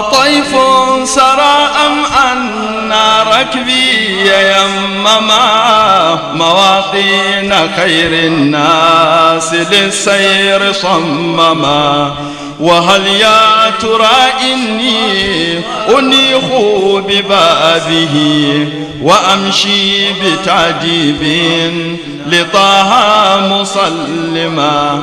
طيف سرى أم أن ركبي يمما مواطن خير الناس للسير صمما وهل يا ترى إني أنيخ ببابه وأمشي بتعجيب لطه مسلما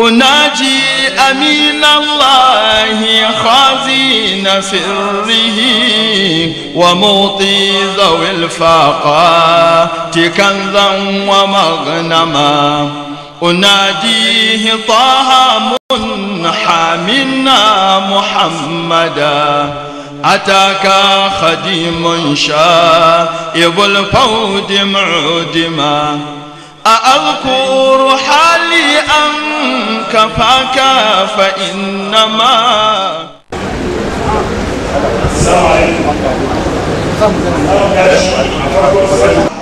أناجي أمين الله خازين سره وموطي ذوي الفاقة كنزا ومغنما أناديه طه منا محمدا أتاك خديم شائب الفود معدما أأذكر حالي أم كفاك فإنما السلام عليكم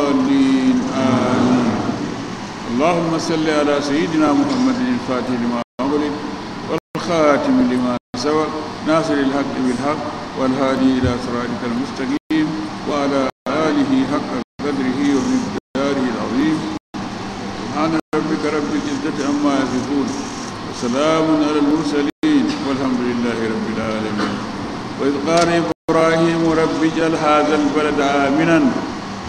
اللهم صل على سيدنا محمد الفاتح لما أغلق والخاتم لما سوى ناصر الحق بالحق والهادي إلى صراطك المستقيم وعلى آله حق قدره ومقداره العظيم سبحان ربك رب العزة عما يصفون وسلام على المرسلين والحمد لله رب العالمين وإذ قال إبراهيم رب اجعل هذا البلد آمنا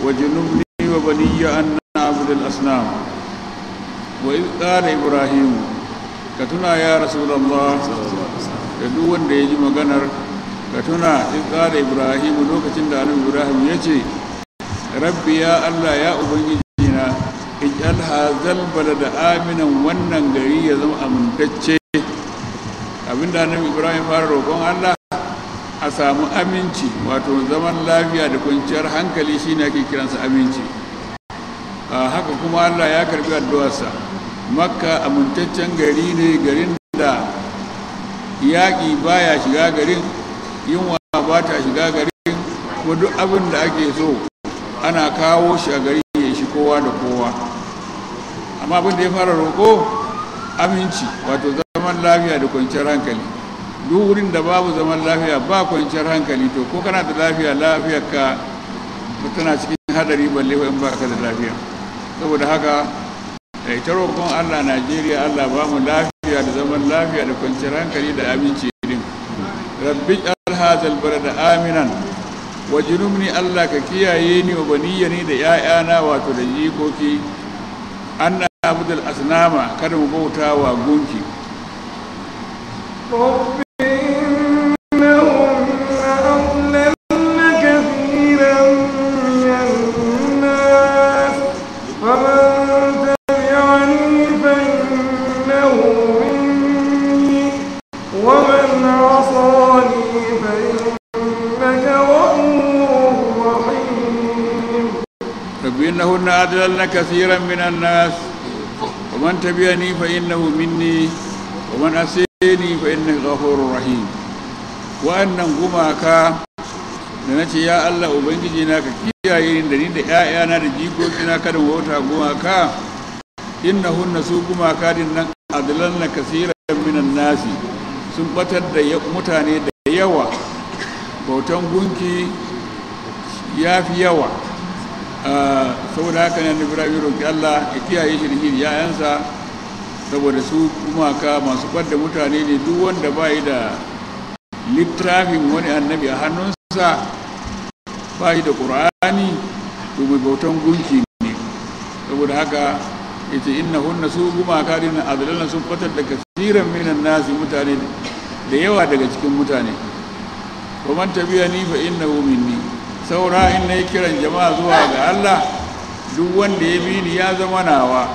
وجنبني وبني أن نعبد الأصنام wa iz qala Ibrahimu, ka tuna ya rasulullah da duk wanda ya ji maganar ka tuna iz qala ibrahim lokacin da annabi ibrahim ya ce rabbi ya allah ya ubangiji na ij'al hazal da aminan wannan gari ya zama amintacce abinda annabi ibrahim fara roƙon allah a samu aminci wato zaman lafiya da kwanciyar hankali shine ake kiransa aminci haka kuma allah ya karbi addu'arsa makka amintaccen gari ne garin da yaƙi baya shiga garin wa ba ta shiga garin kuma abin da ake so ana kawo shi a gari ya shi kowa da kowa amma abin da ya fara roƙo aminci wato zaman lafiya da kwanciyar hankali duk wurin da babu zaman lafiya ba kwanciyar hankali to ko kana da lafiya lafiyarka tana cikin hadari balle in ba ka da lafiya saboda haka da ita roƙon allah najeriya allah ba mu lafiya da zaman lafiya da kwanciyar hankali da aminci din rabbi alhazal da aminan wa junubni allah ka kiyaye ni wa baniya ni da ya'yana wato da jikoki an na abudul asnama kada mu bauta wa gunki أضللن كثيرا من الناس ومن تبعني فإنه مني ومن أسيني فإنه غفور رحيم وأنهم غماكا da na ya Allah Ubangiji na ka kiyaye da ni da ‘ya'yana da jikokina kada mu wauta gumaka inna hunna su gumaka din nan adalan na kasiran minan nasi sun batar da mutane da yawa bautan gunki ya fi yawa Ah, saboda haka nan da birabi roƙi Allah ya kiyaye shi da shi yayansa saboda su ka masu ɓadda mutane ne duk wanda yi da littrafin wani annabi a hannunsa ba yi da ƙur'ani to mai bautan gunki ne saboda haka ita inna hunna su gumaka a azlalna sun fatar da kasiran minan nasi mutane da yawa daga cikin mutane wa man ni fa innahu minni saura in na yi kiran jama'a zuwa ga Allah duk wanda ya bi ni ya zama nawa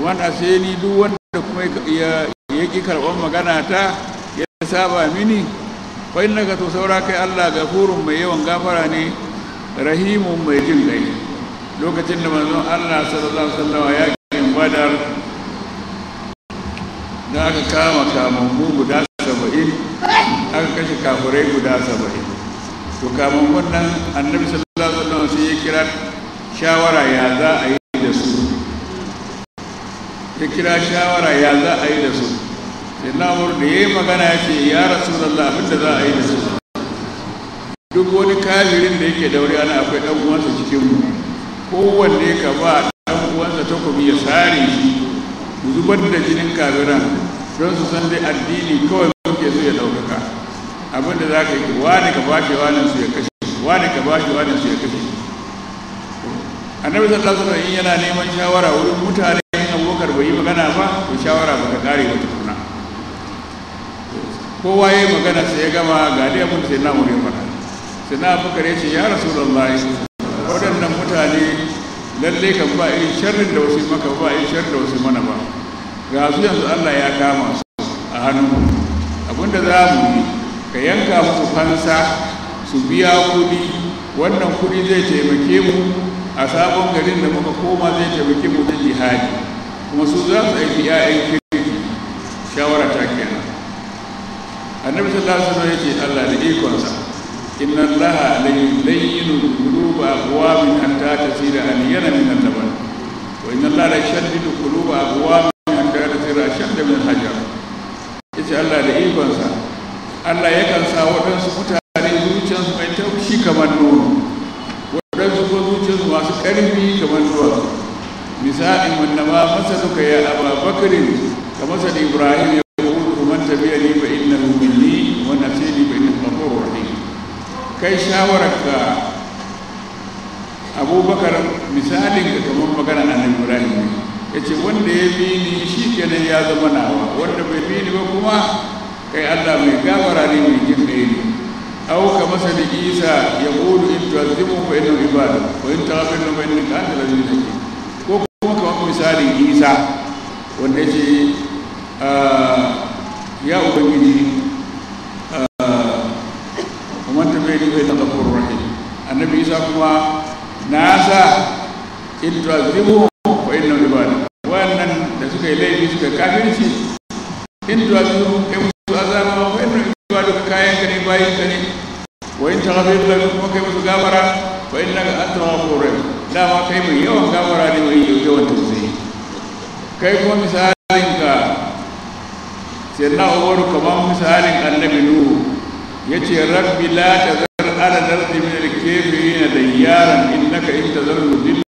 wanda sai ni duk wanda kuma ya ƙi karɓar magana ta ya saba mini na innaka to saura kai Allah ga furun mai yawan gafara ne rahimun mai jin gai lokacin da manzon Allah sallallahu alaihi wasallam ya kin badar da aka kama kamun guda to kamun wannan annabi sallallahu alaihi wasallam sai ya kira shawara ya za a yi da su ya kira shawara ya za a yi da su sai na da ya magana ya ce ya rasu da abin da za a yi da su duk wani kafirin da yake daure ana akwai dan uwansa cikin mu kowanne ka ba dan uwansa takobi ya sare shi zubar da jinin kafiran don su san dai addini kawai Abinda za ka yi wani ka bashi wani su ya kashe wani ka bashi wani su ya kashe annabi sallallahu alaihi wasallam yana neman shawara wurin mutane in abokar bai yi magana ba to shawara ba ta kare ba kuna kowa waye magana sai ya gama ga dai abin sai na wuri faɗa sai na abubakar ya shi ya rasulullahi waɗannan mutane lalle kan ba irin sharrin da wasu maka ba irin sharrin da wasu mana ba ga su yanzu Allah ya kama su a hannu abinda za mu yi ka yanka musu fansa su biya kudi wannan kudi zai taimake mu a sabon garin da muka koma zai taimake mu da jihadi kuma su za su aiki 'ya'yan kirki shawara ta kenan annabi sallallahu alaihi wasallam yace Allah da ikonsa inna allaha layyinu yulayinu quluba aqwamin hatta tasira yana min al-laban wa inna allaha la yushaddidu quluba aqwamin hatta tasira shadda min al-hajar yace Allah da ikonsa allah ya kansa waɗansu mutane zuciyarsu mai taushi kamar nono waɗansu ko zuciyarsu masu ƙarfi kamar duwatsu Misali, wanda ma masa suka yi a bakarin ka masa da ibrahim ya kuma kuma tabiya ne ba inna wanda sai ne ba inna ghafurur rahim kai shawarar ka abubakar misalin ga kamar magana na ibrahim ya ce wanda ya bi ni shi kenan ya zama nawa wanda bai bi ni ba kuma kai Allah mai gafara ne mai jin ne au ka masa da isa ya kudu in tuwazimu ko inu ibada ko in ta hafi na bayan ka da da ke ko kuma kamar misalin isa wanda ya ce ah, ya ubangiji ah, kuma ta mai nufai na kafin rahim annabi isa kuma na sa in tuwazimu ko inu ibada wannan da suka yi laifi suka kafin kafirci in tuwazimu Ka kayan ka ne bayin ka ne wa in taghfir lahum kuma kai musu gafara fa innaka antal ghafurur rahim dama kai mai yawan gabara ne mai yawan tausayi kai kuma misalin ka sai na umar kamar misalin annabi nuhu yace rabbi la tazar ala dardi min al-kafirin dayyaran innaka in tazarru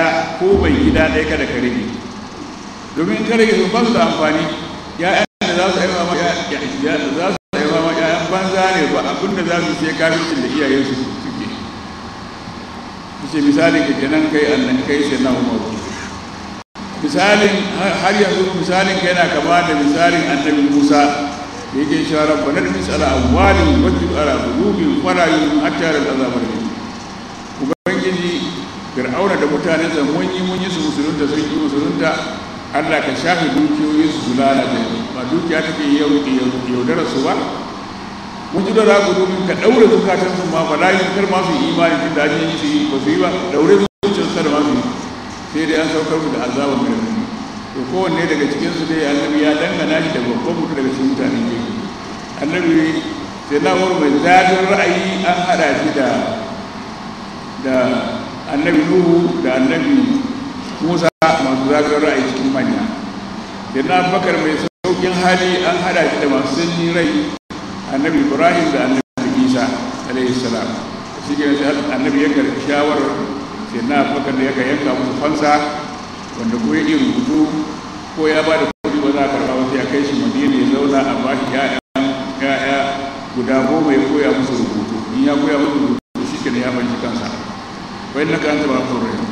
daya ko bai gida ɗaya kada ka rage domin ta rage sun basu da amfani ya'yan da za su aima ma za su ma ya'yan banza ne ba abin da za su sai kafircin da iyaye su suke ce misalin ka kenan kai annan kai sai na umaru misalin har yanzu misalin ka yana kama da misalin annabi musa da yake cewa rabbanar a awwalin wajen ala bulubin fara yin hatta al azabar ubangiji fir'auna da mutanensa mun yi mun yi su musulunta sun yi musulunta allah ka shafe dukiyoyin su lalata ba dukiya take yaudara su ba wajen da za ku dubi ka daure zukatan su ma ba da kar ma su yi imani tun da ajiyar yi su yi ba su yi ba daure zukatan su da ma su yi sai dai an saukar mu da azaba mai rauni to kowanne daga cikin su dai annabi ya dangana shi da babban mutum daga cikin mutanen gefe annabi sai na wani mai zafin ra'ayi an haɗa shi da da annabi nuhu da annabi musa masu zagar ra'ayi cikin manya da na bakar mai saukin hali an hada shi da masu sanyi rai annabi ibrahim da annabi isa alaihi salam shi ke annabi ya karbi shawarar sai na bakar da ya yanka musu fansa wanda ko ya iya rubutu ko ya ba da kudi ba za a karɓa wasu ya kai shi madina ya zauna a ba shi ya'ya guda goma ya koya musu rubutu in ya koya musu rubutu shi ke ya shi kansa വേനൽക്കാലത്ത് വാർത്ത പറയണം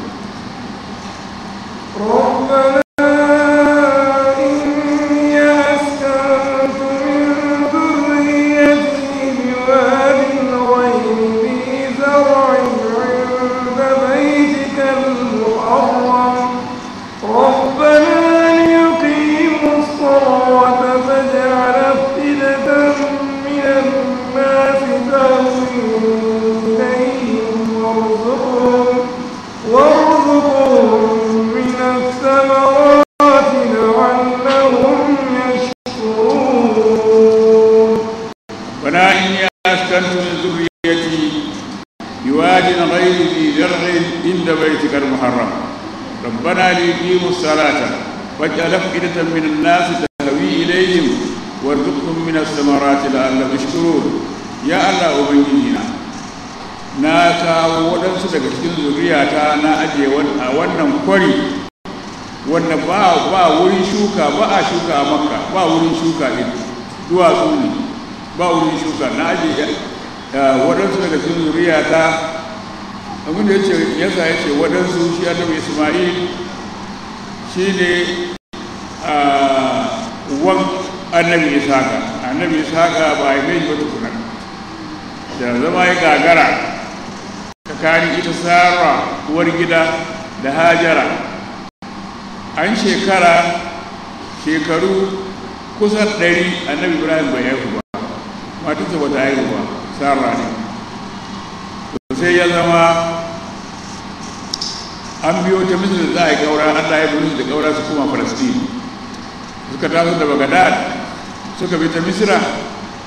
shigar muharram rabbana li yuqimu salata waj'al afidatan min an-nas tahwi ilayhim warzuqhum min as-samarati la'allahum yashkurun ya Allah ubangiji na na kawo waɗansu daga cikin zuriyata na ajiye a wannan kwari wanda ba ba wurin shuka ba a shuka a makka ba wurin shuka ne duwatsu ne ba wurin shuka na ajiye eh, waɗansu daga cikin zuriyata abin da ya ce yasa ya ce waɗansu shi annabi isma'il shi ne wan annabi isaka annabi isaka ba ya mai wata kuna da zama ya gagara tsakanin ita tsara, uwar gida da hajara an shekara shekaru kusan ɗari annabi ibrahim bai haihu ba matarsa ba ta haihu ba tsara ne sai ya zama an biyo ta misir za a yi gaura allah ya buru da gaura su kuma falastini suka taso da bagadad suka bi ta misira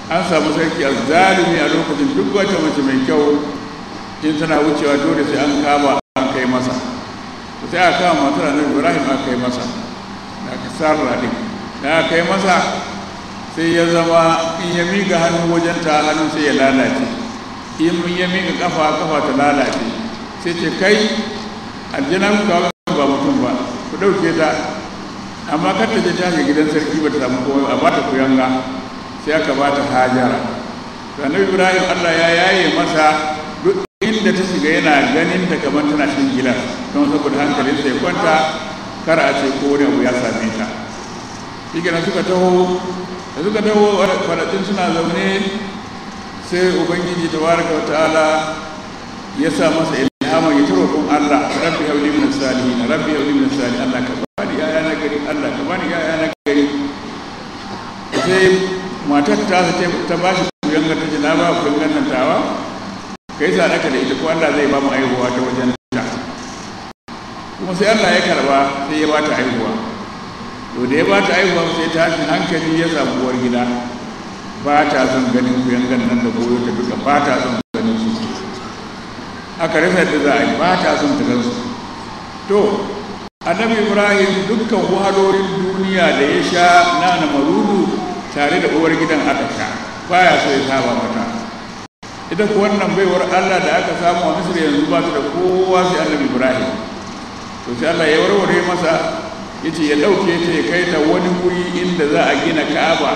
an samu sarki a zalimi a lokacin duk wata mace mai kyau in tana wucewa dole sai an kama an kai masa sai a kama masu na ibrahim an kai masa da aka sarra din da aka kai masa sai ya zama in ya miga hannu wajen ta hannu sai ya lalace in ya miga kafa kafa ta lalace sai ce kai aljana muka haka ba mutum ba ku ɗauke ta amma kar ta je ta gidan sarki ba ta samu komai a bata kuyanga sai aka bata hajara to annabi ibrahim allah ya yaye masa duk inda ta shiga yana ganin da kamar tana shan gilas don saboda hankali sai kwanta kar a ce ko wani abu ya same ta shi suka taho da suka taho faratin suna zaune sai ubangiji tabaraka wa ta'ala ya sa masa amon ya taro kun Allah rabbi habli min salihin rabbi habli min salihin Allah ka bani ya na gari Allah ka bani ya na gari sai matar ta ta ba shi kuyan ga tace na ba kuyan nan tawa kai sa naka da ita ko Allah zai ba mu aihuwa ta wajen ta kuma sai Allah ya karba sai ya ba ta aihuwa to da ya ba ta aihuwa sai tashin hankali ya samu uwar gida ba ta son ganin kuyan nan da goyo ta duka ba ta son ganin su aka rufe da za a yi ba ta son ta gansu to annabi ibrahim dukkan wahalorin duniya da ya sha na marudu tare da uwar gidan aka sha baya so ya saba mata ita ku wannan baiwar allah da aka samu a misir yanzu ba su da kowa sai annabi ibrahim to sai allah ya warware masa ya ce ya ɗauke ta ya kai ta wani wuri inda za a gina ka'aba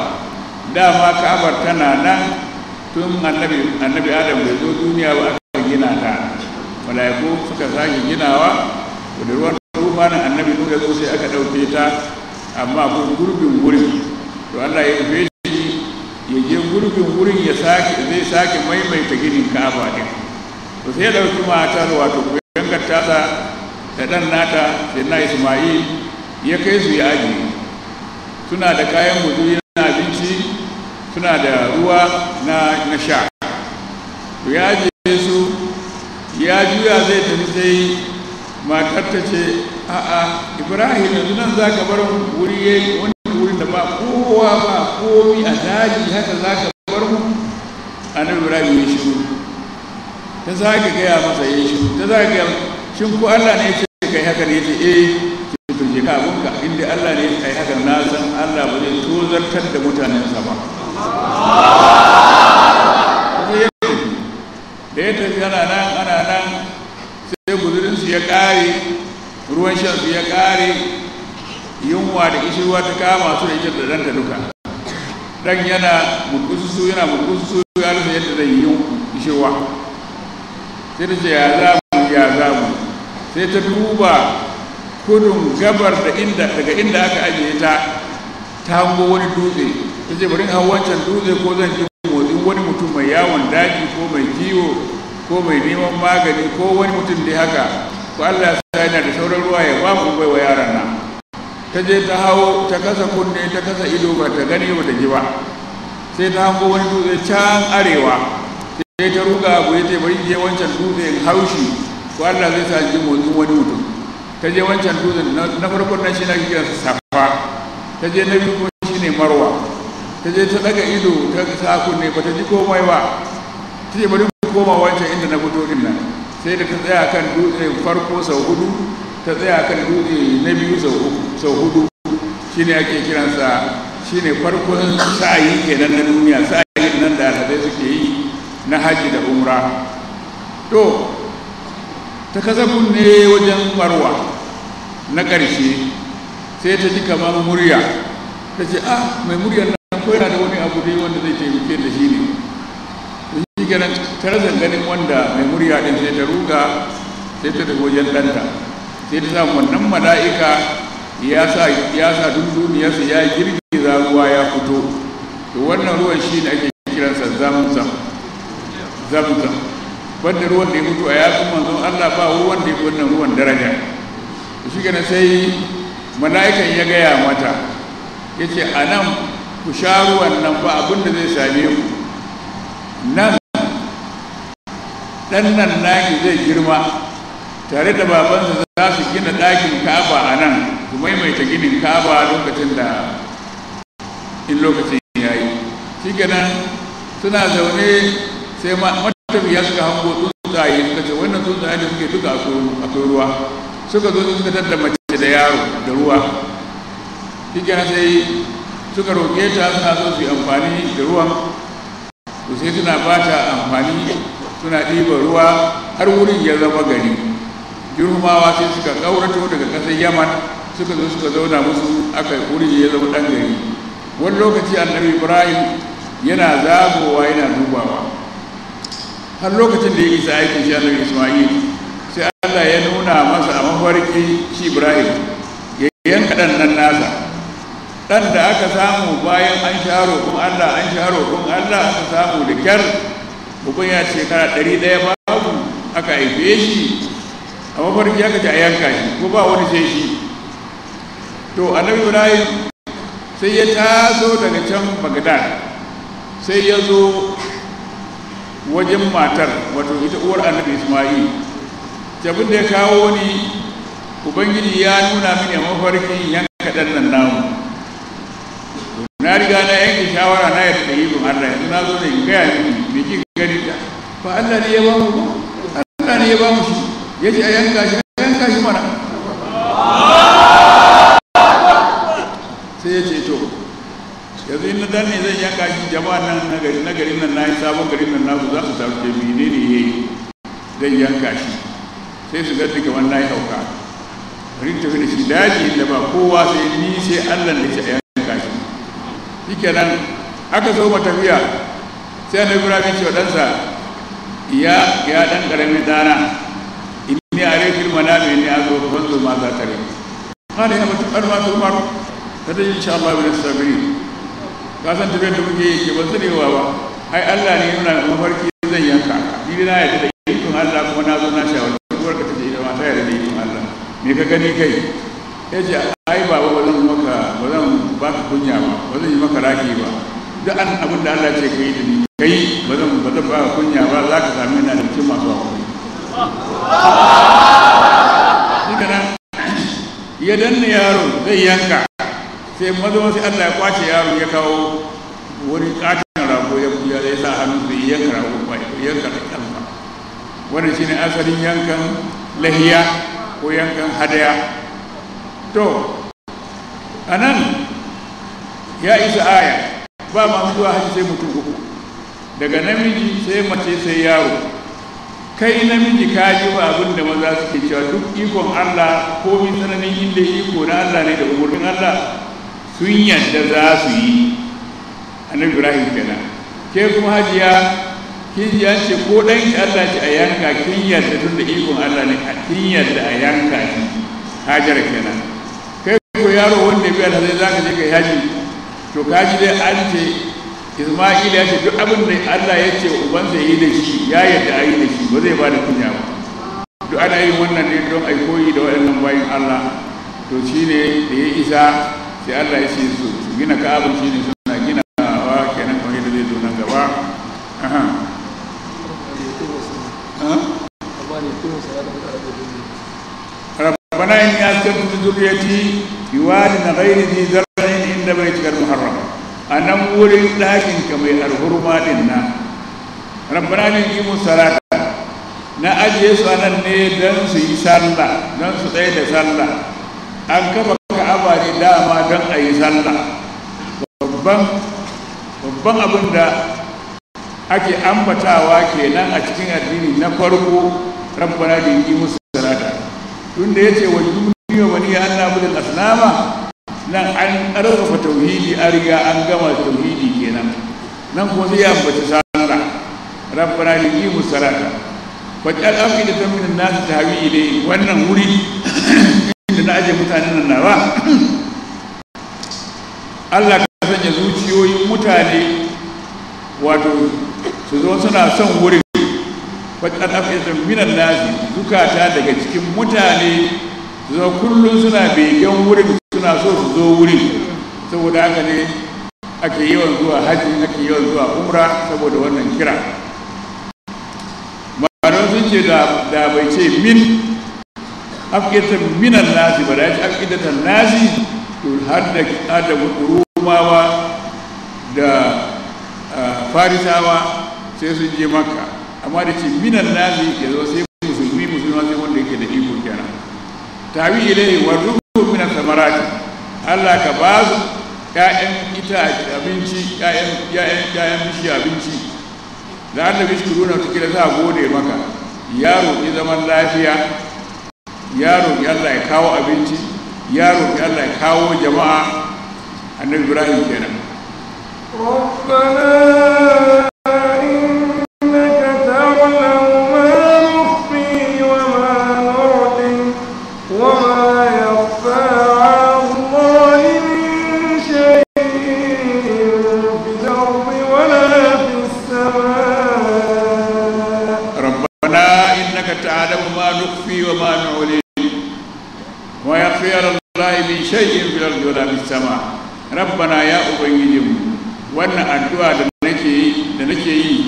dama ka'abar tana nan tun annabi adam bai zo duniya ba aka gina ta mala'iku suka sake ginawa da ruwan rufanin annabi nuka zo sai aka ɗauke ta amma ko gurbin wurin to allah ya rufe shi ya je gurbin wurin ya sake zai sake maimaita ginin ka'aba din to sai ya ɗauki matar wato ta tasa da ɗan nata da na ismail ya kai su ya aji suna da kayan mutu na abinci suna da ruwa na sha to ya ajiye su ya juya zai tafi sai matar ta ce a'a ibrahim yanzu nan za ka bar wuri ya yi wani wurin da ba kowa ba komi a daji haka za ka bar mu nan ibrahim ya shigo ta za ka gaya masa ya shigo ta za ka gaya shin ko allah ne ya ce kai haka ne ya ce eh ka inda Allah ne ya yi hakan na san Allah ba zai tozartar da sa ba. da ya tafi yana nan ana nan sai guzurinsu ya ƙare ruwan shansu ya ƙare yunwa da ƙishirwa ta kama su da ita da ta duka ɗan yana murkusu yana murkusu ya rufe yadda zai yi ƙishirwa sai ta ce ya zamu ya zamu sai ta duba kudun gabar da inda daga inda aka ajiye ta ta hango wani dutse ta ce bari hawancan dutse ko zan ji wani mutum mai yawon daji ko mai kiwo ko mai neman magani ko wani mutum da haka ko Allah ya sa yana da sauran ruwa ya ba mu bai wa yaran nan ta je ta hawo ta kasa kunne ta kasa ido ba ta gani ba ta ji ba sai ta hango wani dutse can arewa sai ta ruga abu ya ce bari je wancan dutse in haushi ko Allah zai sa ji motsin wani mutum ta je wancan dutse na farkon nan shi na kiran safa ta je na biyu kuma shi ne marwa ta je ta daga ido ta sa kunne ba ta ji komai ba ta ce bari koma wancan inda na fito din nan sai da ta tsaya kan dutse farko sau hudu ta tsaya kan dutse na biyu sau hudu ne ake kiransa shi ne farkon sa'ayi kenan na duniya sa'ayi nan da alhazai suke yi na haji da umra to ta kasa ne wajen marwa na ƙarshe sai ta ji kamar murya ta ce ah mai muryar ko yana da wani abu dai wanda zai taimake da shi ne shi ganin tarzan ganin wanda mai murya ɗin sai ta ruga sai ta daga wajen ɗanta sai ta samu wannan mala'ika ya sa ya sa dunduniyarsa ya za ruwa ya fito to wannan ruwan shi ne ake kiransa zamzam zamzam wanda ruwan da ya mutu a yakin manzo Allah ba ruwan da ya wannan ruwan daraja shi ganin sai mala'ikan ya gaya mata ya ce a nan ku sha ruwan nan ba abin da zai same ku nan ɗannan nan naki zai girma tare da babansa za su gina ɗakin kaba a nan ku maimaita ginin kaba lokacin da in lokacin ya yi shi ganin suna zaune sai matafiya suka hango tsuntsaye suka ce wannan tsuntsaye da suke duka a kai ruwa suka zo suka tattama mace da yaro da ruwa shi ganin sai suka roƙe ta suna so su yi amfani da ruwan to sai suna ba ta amfani suna ɗiba ruwa har wurin ya zama gari jirumawa sai suka ƙaurato daga ƙasar yaman suka zo suka zauna musu aka wurin ya zama ɗan gari wani lokaci annabi ibrahim yana zagowa yana dubawa har lokacin da ya isa aikin shi annabi ismail sai allah ya nuna masa a mafarki shi ibrahim ya yanka ɗan nan nasa Dan da aka samu bayan an sha roƙon allah an sha roƙon allah aka samu da kyar hukun ya shekara ɗari ɗaya babu aka haife shi a mafarki aka ce a yanka shi ko ba wani sai shi to annabi ibrahim sai ya taso daga can bagdad sai ya zo wajen matar wato ita uwar annabi isma'il jabin da ya kawo ni ubangiji ya nuna mini a mafarkin yanka ɗan nan namu na riga na yanke shawara na yadda yi ba Allah yanzu na zo ne in gaya miki mai ki gari ta fa Allah ne ya ba mu Allah ne ya ba mu shi ya ce a yanka shi a yanka shi mana sai ya ce to yanzu in na dan ne zan yanka shi jama'a nan na gari na gari nan na yi sabon garin nan naku za su samu ke mene ne ya yi zan yanka shi sai su ga duka wannan ya hauka rinta da shi daji da ba kowa sai ni sai Allah ne ya ce nan aka zo tafiya sai na ibrahim ce ɗansa ya ya ɗan karamin dana inni arifil a zo azo zo ma za ta rai ta Allah sabiri ka san tafiyar da muke yi ke su ba ai Allah ne yana mafarki zan yanka ni na yadda da Allah kuma na zo na ka gani kai ya ce ai ba zan ba ka kunya ba ba zan yi maka raki ba duk an abin da Allah ce kai yi da ni ka ba zan ba zan ba kunya ba za ka sami na da cikin masu hakuri duka nan ya danna yaro zai yanka sai mazo sai Allah ya kwace yaro ya kawo wani katin rago ya buya ya sa hannu zai yanka rago ba ya yanka da kalma wannan ne asalin yankan lahiya ko yankan hadaya to anan ya isa aya ba masu zuwa haji sai mutum uku daga namiji sai mace sai yaro kai namiji ka ji ba abin da maza suke cewa duk ikon Allah ko min tsananin inda iko na Allah ne da umarnin Allah sun yadda za su yi annabi Ibrahim kenan ke kuma hajiya kin ya ce ko dan ki Allah ce a yanka kin yadda tun ikon Allah ne kin yadda a yanka hajar kenan kai ko yaro wanda bai da zai zaka je kai haji to kaji dai an ce isma'il ya ce duk abin da allah ya ce ubansa yi da shi ya yadda a yi da shi ba zai ba da kunya ba duk ana yin wannan ne don ai koyi da waɗannan bayan allah to shi ne da ya isa sai allah ya ce su gina abin shi ne suna gina wa kenan kamar yadda zai zo nan gaba ربنا إني أسكنت ذريتي na غير ذي زرع da bai cikar muharram a nan wurin ɗakin ka mai alhurma ɗin na ne yi salata na ajiye su nan ne don su yi sallah don su tsaye da sallah an kafa ka abari dama don a yi sallah babban abin da ake ambatawa kenan a cikin addini na farko rabbana yi musu salata ya ce wa duniya wani ya annabi da tsanama nan an ƙarfafa tauhidi a riga an gama tauhidi kenan nan kuma sai ya ambaci sallah rabbana liqimu salata fajal afidatan nasu nas tahwi ile wannan wuri inda na aje mutanen nan na ba? Allah ka sanya zuciyoyin mutane wato su zo suna son wurin fajal afidatan minan nas zukata daga cikin mutane su zo kullun suna begen wurin suna so su zo wurin saboda haka ne ake yawan zuwa haji ake yawan zuwa umra saboda wannan kira ma'anar sun ce da bai ce min afkita minan nasi ba da ya ce afkidatan nasi to har da da rumawa da farisawa sai sun je maka. amma da ce minan nasi ya zo sai musulmi musulmi sai wanda yake da iko kenan tawi ilai wa min samarati Allah ka ba su ƴaƴan itace abinci ƴaƴan ƴaƴan ƴaƴan abinci da Allah bishkuru na take da za gode maka yaro ki zaman lafiya yaro ki Allah ya kawo abinci yaro ki Allah ya kawo jama'a annabi Ibrahim kenan ما من ولي ويخير الله من شيء في الأرض ولا في السماء ربنا يا أبنجم وأن أدعى لنكي لنكي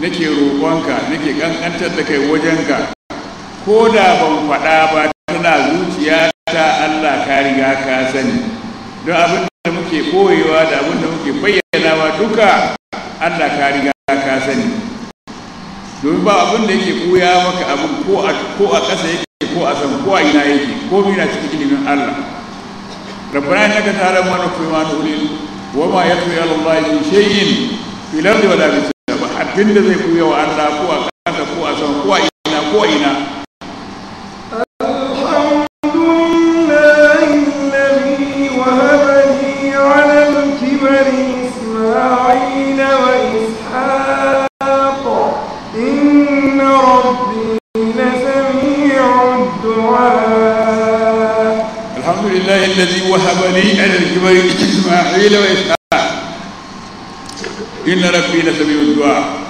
nake roƙonka nake ƙanƙantar da kai wajenka ko da ban faɗa ba tana zuciya ta Allah ka riga ka sani don abin da muke ɓoyewa da abin da muke bayyanawa duka Allah ka riga ka sani domin ba abin da yake koya maka abin ko a ƙasa yake ko a san ko a ina yake ko mina cikin ilimin Allah rabbana innaka ta'lamu ma nukhfi wa nu'lin wa ma ya 'ala Allah min shay'in fil ardi wa la fis sama abin da zai koya wa Allah ko a ƙasa ko a san ko a ina ko a ina الحمد لله الذي وهب لي على الكبر إسماعيل وإسحاق إن ربي لسميع الدعاء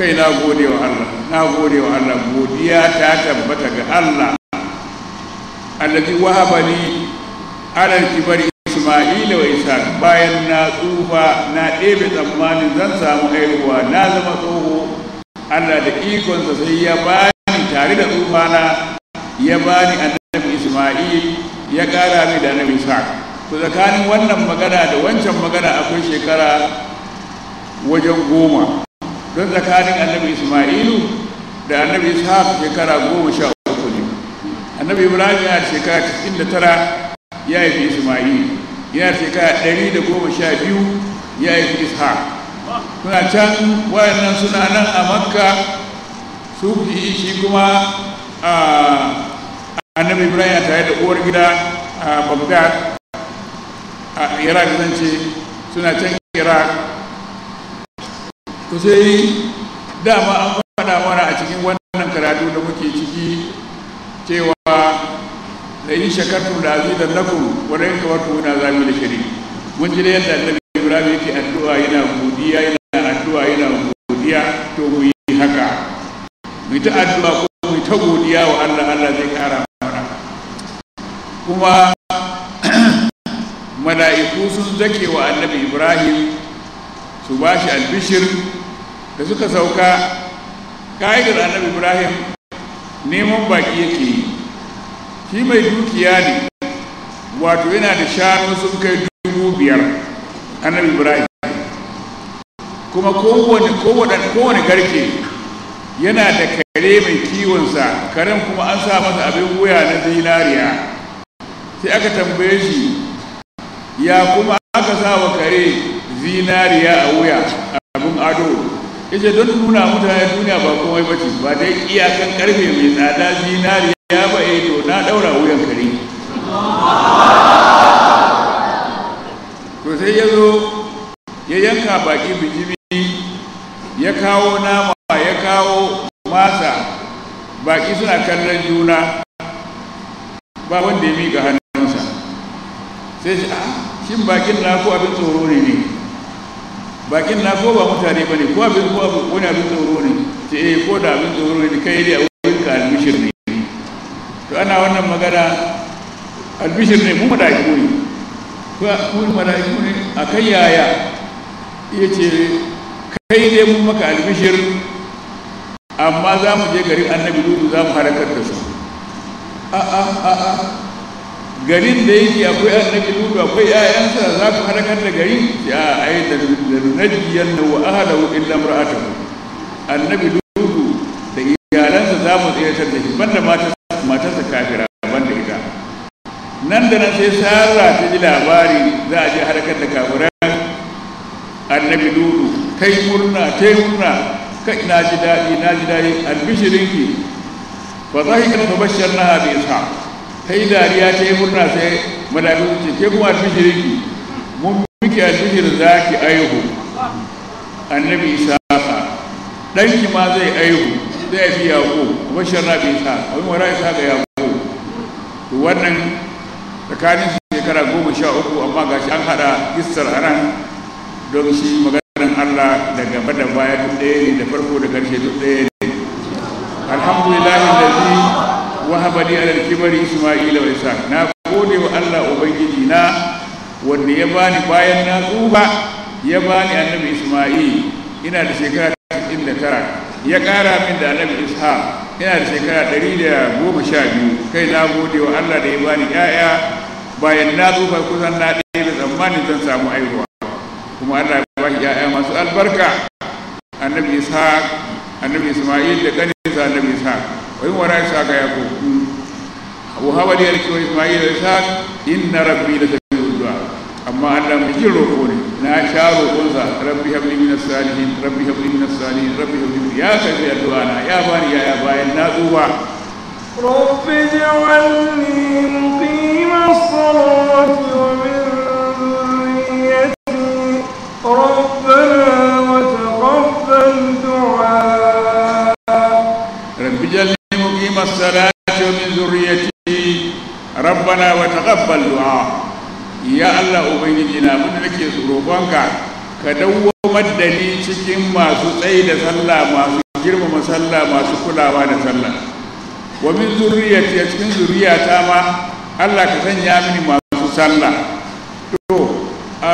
kai na gode wa Allah godiya ta tabbata ga Allah allazi wahaba ni alal kibari Isma'ila wa Ishaq bayan na tsufa na ɗebe tsammanin zan samu haihuwa na zama tsoho Allah da ikonsa sai ya bani tare da tsufana ya bani annabi Isma'il ya ƙara mai da annabi sa to tsakanin wannan magana da wancan magana akwai shekara wajen goma don tsakanin annabi ismailu da annabi ishaq shekara goma sha uku ne annabi ibrahim ya shekara cikin da tara ya yi fi ismailu ya shekara ɗari da goma sha biyu ya yi fi isha suna can wayannan suna nan a makka su shi kuma a ah, annabi ibrahim ya tare da uwar gida a bagdad a iraq zan ce suna can iraq to dama an faɗa mana a cikin wannan karatu da muke ciki cewa da yi shakartu da zai da naku wadda yin kawar tuna zami da shari mun ji da yadda annabi ibrahim yake addu'a yana godiya yana addu'a yana godiya to mu yi haka mu ta addu'a ko mu ta godiya wa allah allah zai kara kuma mala'iku sun zake wa annabi ibrahim su ba shi albishir da suka sauka ƙa'idar annabi ibrahim neman baki yake yi shi mai dukiya ne wato yana da shanu sun kai dubu biyar annabi ibrahim kuma kowane garke yana da kare mai kiwonsa karen kuma an sa masa abin wuya na zinariya sai aka tambaye shi ya kuma aka sa wa kare zinariya a wuya abin ado ita don nuna mutane duniya ba kuma yi bace ba dai iyakan karfe mai tsada zinariya ba ya eh to na daura wuyan kare to sai ya zo ya yanka baki bijimi ya kawo nama ya kawo masa baki suna kallon juna ba wanda ya miƙa hannu sai shi a ah, shin bakin na ko abin tsoro ne ne bakin na ko ba mutane ba ne ko abin ko wani abin tsoro ne ce eh ko da abin tsoro ne kai ne a wurin ka albishir ne to ana wannan magana albishir ne mu mala'iku ne ko mu mala'iku ne a kai yaya ya ce kai ne mun maka albishir amma za mu je garin annabi dudu za mu harakar da su a'a ah, a'a ah, garin da yake akwai annabi lutu akwai ƴaƴansa za ku halakar da gari ya ai da nunajjiyan da wa ahlahu illa imra'atuhu annabi lutu da iyalansa za mu tsayar da shi banda matarsa kafira banda ita nan da nan sai sarra ta ji labari za a je halakar da kafiran annabi lutu kai murna kai murna kai na ji daɗi na ji daɗi albishirinki fa zahikan fa tabashar na bi ishaq ta yi dariya ta yi murna sai malafi ce ke kuma alfijiri ki mun a alfijir za ki aihu annabi isa ɗanki ma zai aihu zai fi yaƙo kuma sharra bai sa wani wara isa ga yaƙo to wannan tsakanin su shekara goma sha uku amma ga shi an haɗa gistar a nan don shi maganin allah da gaba da baya duk ɗaya ne da farko da ƙarshe duk ɗaya ne alhamdulillah da wahaba li alal kibari isma'ila wa ishaq na gode wa Allah ubangiji na wanda ya bani bayan na tsufa ya bani annabi isma'il ina da shekara tara ya kara min da annabi ishaq ina da shekara 112 kai na gode wa Allah da ya bani yaya bayan na tsufa kusan na ɗaya da tsammanin zan samu aihuwa kuma Allah ya bashi yaya masu albarka annabi ishaq annabi isma'il da kanin annabi ishaq wa yi wara isaaka ya ko abu habari ya rikiwa ismail isaak inna rabbi da tafi da amma allah mai jin roƙo ne na sha roƙon sa rabbi habli min asalihin rabbi habli min asalihin rabbi ya kai ya na ya bani ya ya bayan na tsufa. rabbi وأقيم الصلاة من ذريتي ربنا وتقبل دعاء يا الله أبنجينا من لك روبانك كدوم الدليل cikin masu tsayi da sallah masu girmama sallah masu kulawa da sallah wa min zurriyati a cikin zuriyata ma Allah ka sanya mini masu sallah to a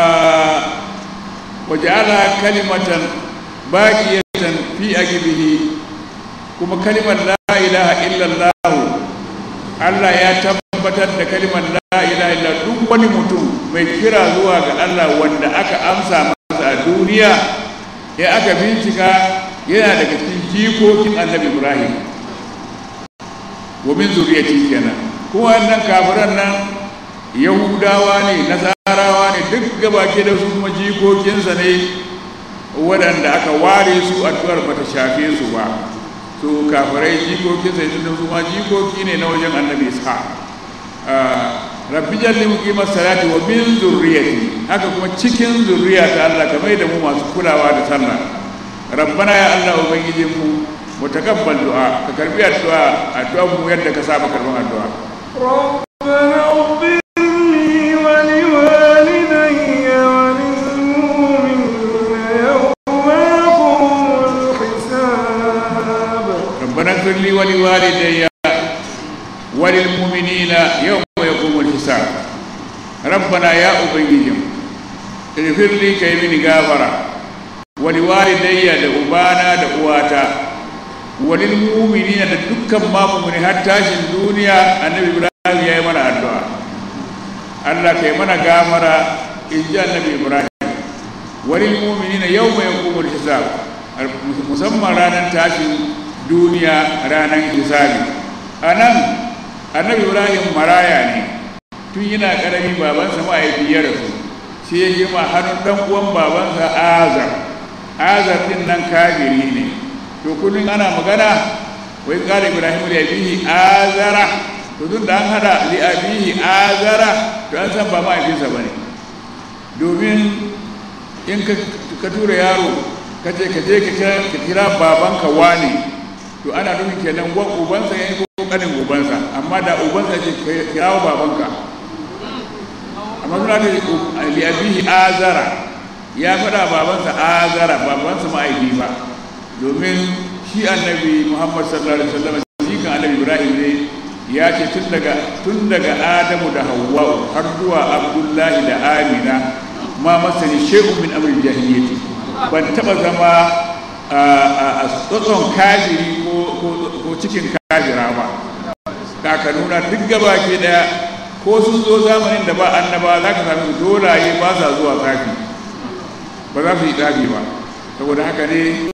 waja'ala kalimatan baqiyatan fi aqibihi kuma kalimar la ilaha illallah Allah ya tabbatar da kalimar la ilaha illallah duk wani mutum mai kira zuwa ga Allah wanda aka amsa masa a duniya ya aka bincika yana daga cikin jikokin annabi Ibrahim gomin min zuriyati kenan kuma wannan kafiran nan yahudawa ne nasarawa ne duk ke da su kuma jikokinsa ne waɗanda aka ware su addu'ar bata shafe su ba to kafirai jikokin sai sun su ma jikoki ne na wajen annabi isa ah, rabbi jalli kima salati wa min zurriyati haka kuma cikin zurriya ta Allah kamar da mu masu kulawa da sallah rabbana ya Allah ubangijin mu takabbal du'a ka karbi addu'a addu'a mu yadda ka saba karban addu'a rabbana يدي وللمؤمنين يوم يقوم الحساب ربنا يا أبيهم اغفر لي كيمن غافرة ولوالدي لأبانا لأواتا وللمؤمنين لدك ما مؤمن حتى في الدنيا النبي إبراهيم يا من الدعاء الله كيمن غافرة إن جاء النبي إبراهيم وللمؤمنين يوم يقوم الحساب musamman ranar tashin duniya ranar hisabi a nan annabi ibrahim maraya ne tun yana karami babansa ma'aifi ya rasu sai ya girma hannun Dan uwan babansa azar azar ɗin nan Kabiri ne to kullum ana magana wai ƙara ibrahim da yabihi azara to tun da an hada li abihi azara to an san ba ma'aifinsa ba ne domin in ka tura yaro ka je ka je ka kira babanka wani to ana nufin kenan wa ubansa ya yi ko kanin ubansa amma da ubansa ce kirawo babanka amma suna ne liyabihi azara ya fada babansa azara babansa aiki ba domin shi annabi muhammad sallallahu alaihi wasallam shi kan annabi ibrahim ne ya ce tun daga tun daga adamu da hawwa har zuwa abdullahi da amina ma masani shehu min amrin jahiliyyati ban taba zama a tsotson kajiri ko cikin kajira ba kakanuna duk gaba ke daya ko sun zo zamanin da ba annaba za ka sami dolaye ba sa zuwa tsafi ba za su yi ba saboda haka ne